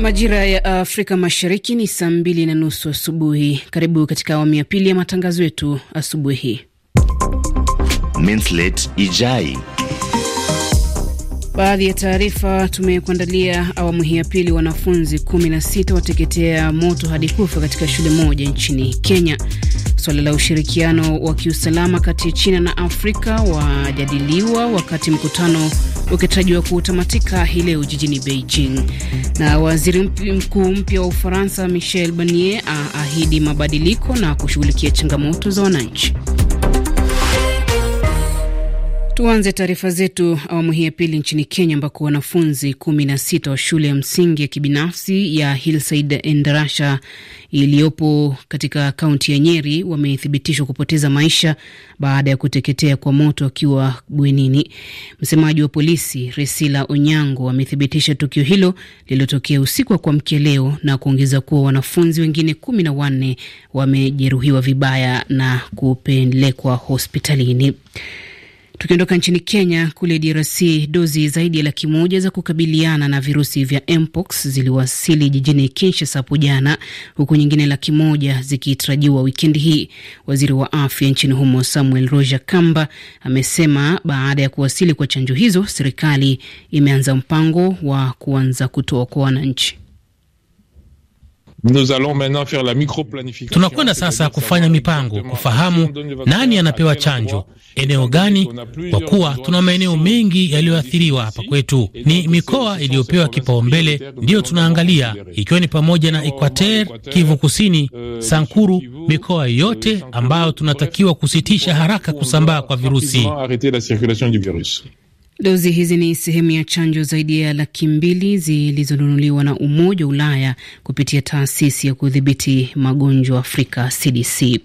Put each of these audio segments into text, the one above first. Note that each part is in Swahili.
Majira ya Afrika Mashariki ni saa mbili na nusu asubuhi. Karibu katika awamu ya pili ya matangazo yetu asubuhi Minslet Ijai baadhi ya taarifa tumekuandalia awamu hii ya pili. Wanafunzi 16 wateketea moto hadi kufa katika shule moja nchini Kenya. Suala la ushirikiano wa kiusalama kati ya China na Afrika wajadiliwa wakati mkutano ukitarajiwa kutamatika hii leo jijini Beijing. Na waziri mkuu mpya wa Ufaransa Michel Barnier aahidi mabadiliko na kushughulikia changamoto za wananchi. Tuanze taarifa zetu awamu hii ya pili nchini Kenya, ambako wanafunzi kumi na sita wa shule ya msingi ya kibinafsi ya Hillside Endarasha iliyopo katika kaunti ya Nyeri wamethibitishwa kupoteza maisha baada ya kuteketea kwa moto akiwa bwenini. Msemaji wa polisi Resila Onyango amethibitisha tukio hilo lililotokea usiku wa kuamkia leo na kuongeza kuwa wanafunzi wengine kumi na wanne wamejeruhiwa vibaya na kupelekwa hospitalini. Tukiondoka nchini Kenya, kule DRC dozi zaidi ya laki moja za kukabiliana na virusi vya mpox ziliwasili jijini Kinshasa hapo jana, huku nyingine laki moja zikitarajiwa wikendi hii. Waziri wa afya nchini humo Samuel Roja Kamba amesema baada ya kuwasili kwa chanjo hizo, serikali imeanza mpango wa kuanza kutoa kwa wananchi. Tunakwenda sasa kufanya mipango kufahamu nani anapewa chanjo eneo gani, kwa kuwa tuna maeneo mengi yaliyoathiriwa hapa kwetu. Ni mikoa iliyopewa kipaumbele ndiyo tunaangalia, ikiwa ni pamoja na Equateur, Kivu Kusini, euh, Sankuru, mikoa euh, yote ambayo tunatakiwa kusitisha haraka kusambaa kwa virusi. Dozi hizi ni sehemu ya chanjo zaidi ya laki mbili zilizonunuliwa na Umoja wa Ulaya kupitia taasisi ya kudhibiti magonjwa Afrika, CDC.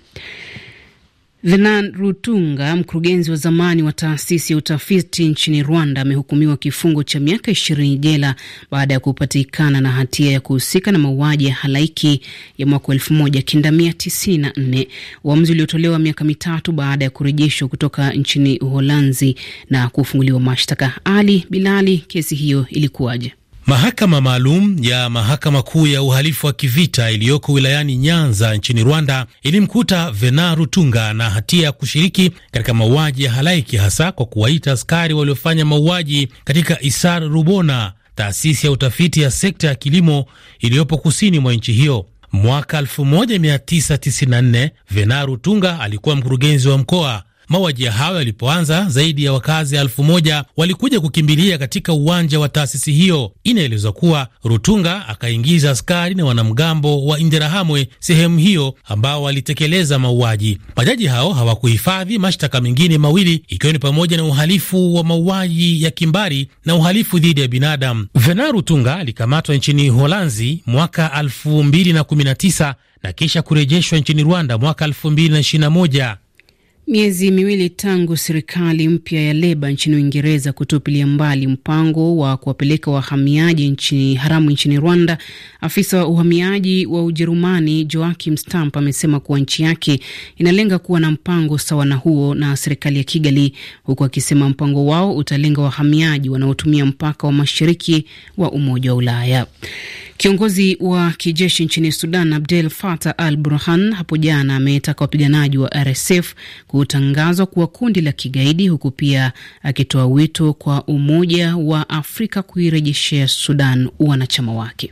Venan Rutunga, mkurugenzi wa zamani wa taasisi ya utafiti nchini Rwanda, amehukumiwa kifungo cha miaka ishirini jela baada ya kupatikana na hatia ya kuhusika na mauaji ya halaiki ya mwaka elfu moja kenda mia tisini na nne, uamuzi uliotolewa miaka mitatu baada ya kurejeshwa kutoka nchini Uholanzi na kufunguliwa mashtaka. Ali Bilali, kesi hiyo ilikuwaje? Mahakama maalum ya mahakama kuu ya uhalifu wa kivita iliyoko wilayani Nyanza nchini Rwanda ilimkuta Vena Rutunga na hatia ya kushiriki katika mauaji ya halaiki, hasa kwa kuwaita askari waliofanya mauaji katika Isar Rubona, taasisi ya utafiti ya sekta ya kilimo iliyopo kusini mwa nchi hiyo. Mwaka 1994 Vena Rutunga alikuwa mkurugenzi wa mkoa Mauaji hayo yalipoanza, zaidi ya wakazi elfu moja walikuja kukimbilia katika uwanja wa taasisi hiyo. Inaelezwa kuwa Rutunga akaingiza askari na wanamgambo wa Inderahamwe sehemu hiyo, ambao walitekeleza mauaji. Majaji hao hawakuhifadhi mashtaka mengine mawili, ikiwa ni pamoja na uhalifu wa mauaji ya kimbari na uhalifu dhidi ya binadamu. Venant Rutunga alikamatwa nchini Holanzi mwaka 2019 na kisha kurejeshwa nchini Rwanda mwaka 2021. Miezi miwili tangu serikali mpya ya Leba nchini Uingereza kutupilia mbali mpango wa kuwapeleka wahamiaji nchini haramu nchini Rwanda, afisa wa uhamiaji wa Ujerumani Joachim Stamp amesema kuwa nchi yake inalenga kuwa na mpango sawa na huo na serikali ya Kigali, huku akisema mpango wao utalenga wahamiaji wanaotumia mpaka wa mashariki wa Umoja wa Ulaya. Kiongozi wa kijeshi nchini Sudan Abdel Fattah al Burhan hapo jana ametaka wapiganaji wa RSF kutangazwa kuwa kundi la kigaidi, huku pia akitoa wito kwa Umoja wa Afrika kuirejeshea Sudan wanachama wake.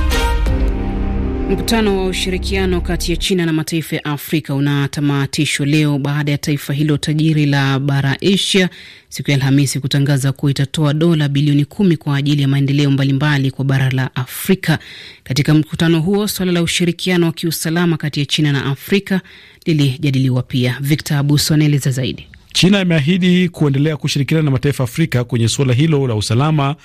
Mkutano wa ushirikiano kati ya China na mataifa ya Afrika unatamatishwa leo baada ya taifa hilo tajiri la bara Asia siku ya Alhamisi kutangaza kuwa itatoa dola bilioni kumi kwa ajili ya maendeleo mbalimbali kwa bara la Afrika. Katika mkutano huo, suala la ushirikiano wa kiusalama kati ya China na Afrika lilijadiliwa pia. Victor Abuso anaeleza zaidi. China imeahidi kuendelea kushirikiana na mataifa ya Afrika kwenye suala hilo la usalama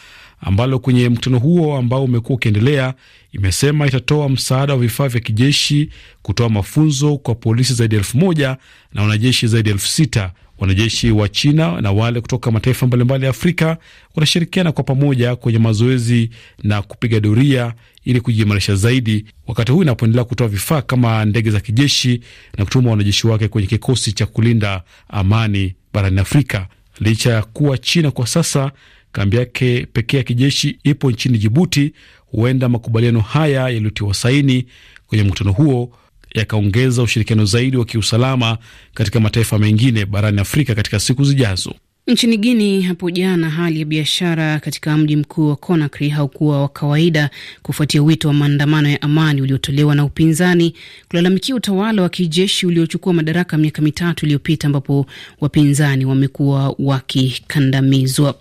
ambalo kwenye mkutano huo ambao umekuwa ukiendelea imesema itatoa msaada wa vifaa vya kijeshi, kutoa mafunzo kwa polisi zaidi ya elfu moja na wanajeshi zaidi ya elfu sita. Wanajeshi wa China na wale kutoka mataifa mbalimbali ya Afrika wanashirikiana kwa pamoja kwenye mazoezi na kupiga doria ili kujiimarisha zaidi, wakati huu inapoendelea kutoa vifaa kama ndege za kijeshi na kutuma wanajeshi wake kwenye kikosi cha kulinda amani barani Afrika. Licha ya kuwa China kwa sasa Kambi yake pekee ya kijeshi ipo nchini Jibuti. Huenda makubaliano haya yaliyotiwa saini kwenye mkutano huo yakaongeza ushirikiano zaidi wa kiusalama katika mataifa mengine barani Afrika katika siku zijazo. Nchini Guini hapo jana, hali ya biashara katika mji mkuu wa Conakry haukuwa wa kawaida kufuatia wito wa maandamano ya amani uliotolewa na upinzani kulalamikia utawala wa kijeshi uliochukua madaraka miaka mitatu iliyopita, ambapo wapinzani wamekuwa wakikandamizwa.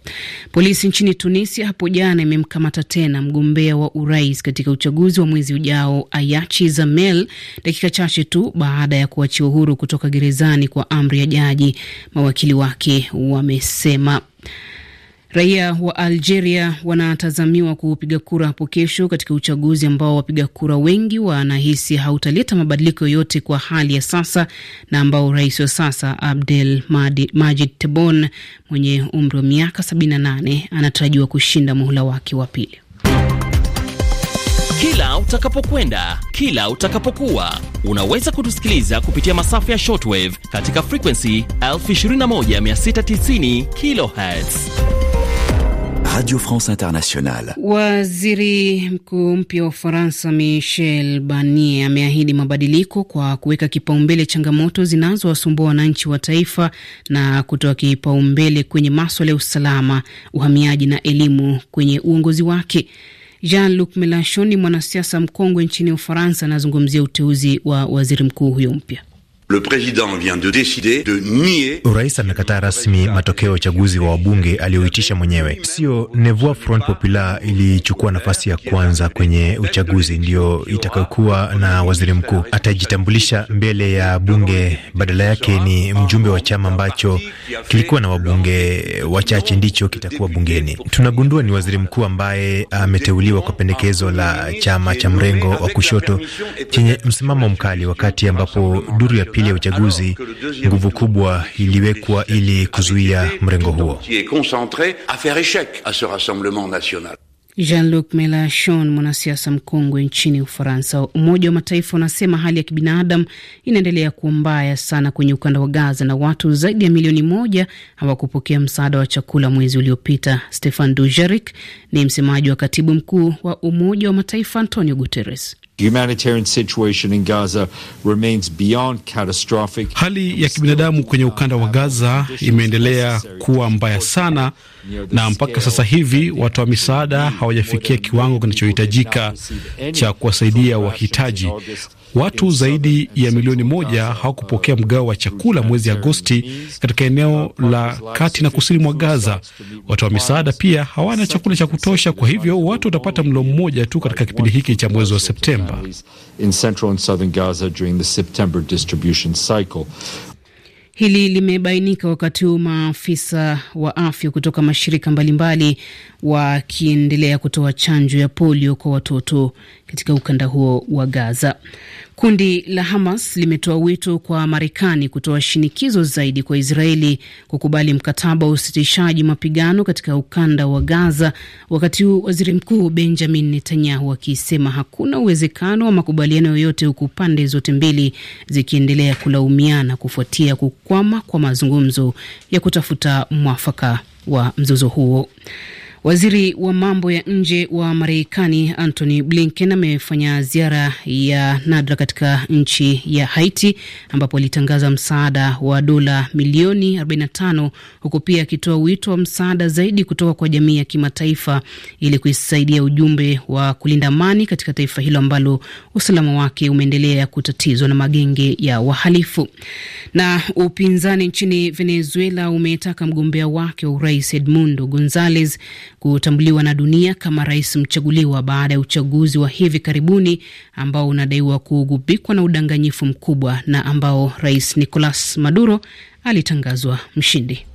Polisi nchini Tunisia hapo jana imemkamata tena mgombea wa urais katika uchaguzi wa mwezi ujao, Ayachi Zamel, dakika chache tu baada ya kuachiwa huru kutoka gerezani kwa amri ya jaji. Mawakili wake wame amesema. Raia wa Algeria wanatazamiwa kupiga kura hapo kesho katika uchaguzi ambao wapiga kura wengi wanahisi hautaleta mabadiliko yoyote kwa hali ya sasa na ambao rais wa sasa Abdel Majid Tebboune mwenye umri wa miaka 78 anatarajiwa kushinda muhula wake wa pili. Kila utakapokwenda, kila utakapokuwa, unaweza kutusikiliza kupitia masafa ya shortwave katika frequency 21690 kilohertz. Radio France Internationale. Waziri mkuu mpya wa Ufaransa Michel Barnier ameahidi mabadiliko kwa kuweka kipaumbele changamoto zinazowasumbua wananchi wa taifa na kutoa kipaumbele kwenye maswala ya usalama, uhamiaji na elimu kwenye uongozi wake. Jean-Luc Melenchon ni mwanasiasa mkongwe nchini Ufaransa, anazungumzia uteuzi wa waziri mkuu huyo mpya. Rais amekataa rasmi matokeo ya uchaguzi wa wabunge aliyoitisha mwenyewe, sio Nouveau Front Populaire ilichukua nafasi ya kwanza kwenye uchaguzi, ndiyo itakayokuwa na waziri mkuu. Atajitambulisha mbele ya bunge, badala yake ni mjumbe wa chama ambacho kilikuwa na wabunge wachache ndicho kitakuwa bungeni. Tunagundua ni waziri mkuu ambaye ameteuliwa kwa pendekezo la chama cha mrengo wa kushoto chenye msimamo mkali, wakati ambapo duru ya pili ya uchaguzi, nguvu kubwa iliwekwa ili kuzuia mrengo huo. Jean-Luc Melenchon, mwanasiasa mkongwe nchini Ufaransa. Umoja wa Mataifa unasema hali ya kibinadamu inaendelea kuwa mbaya sana kwenye ukanda wa Gaza na watu zaidi ya milioni moja hawakupokea msaada wa chakula mwezi uliopita. Stefan Dujarik ni msemaji wa katibu mkuu wa Umoja wa Mataifa Antonio Guterres. Humanitarian situation in Gaza remains beyond catastrophic. Hali ya kibinadamu kwenye ukanda wa Gaza imeendelea kuwa mbaya sana, na mpaka sasa hivi watu wa misaada hawajafikia kiwango kinachohitajika cha kuwasaidia wahitaji. Watu zaidi ya milioni moja hawakupokea mgao wa chakula mwezi Agosti katika eneo la kati na kusini mwa Gaza. Watu wa misaada pia hawana chakula cha kutosha, kwa hivyo watu watapata mlo mmoja tu katika kipindi hiki cha mwezi wa Septemba. Hili limebainika wakati huu maafisa wa afya kutoka mashirika mbalimbali wakiendelea kutoa chanjo ya polio kwa watoto katika ukanda huo wa Gaza. Kundi la Hamas limetoa wito kwa Marekani kutoa shinikizo zaidi kwa Israeli kukubali mkataba wa usitishaji mapigano katika ukanda wa Gaza, wakati huu waziri mkuu Benjamin Netanyahu akisema hakuna uwezekano wa makubaliano yoyote, huku pande zote mbili zikiendelea kulaumiana kufuatia kukwama kwa mazungumzo ya kutafuta mwafaka wa mzozo huo. Waziri wa mambo ya nje wa Marekani Antony Blinken amefanya ziara ya nadra katika nchi ya Haiti ambapo alitangaza msaada wa dola milioni 45 huku pia akitoa wito wa msaada zaidi kutoka kwa jamii ya kimataifa ili kuisaidia ujumbe wa kulinda amani katika taifa hilo ambalo usalama wake umeendelea kutatizwa na magenge ya wahalifu. Na upinzani nchini Venezuela umetaka mgombea wake wa urais Edmundo gonzales kutambuliwa na dunia kama rais mchaguliwa baada ya uchaguzi wa hivi karibuni ambao unadaiwa kugubikwa na udanganyifu mkubwa na ambao rais Nicolas Maduro alitangazwa mshindi.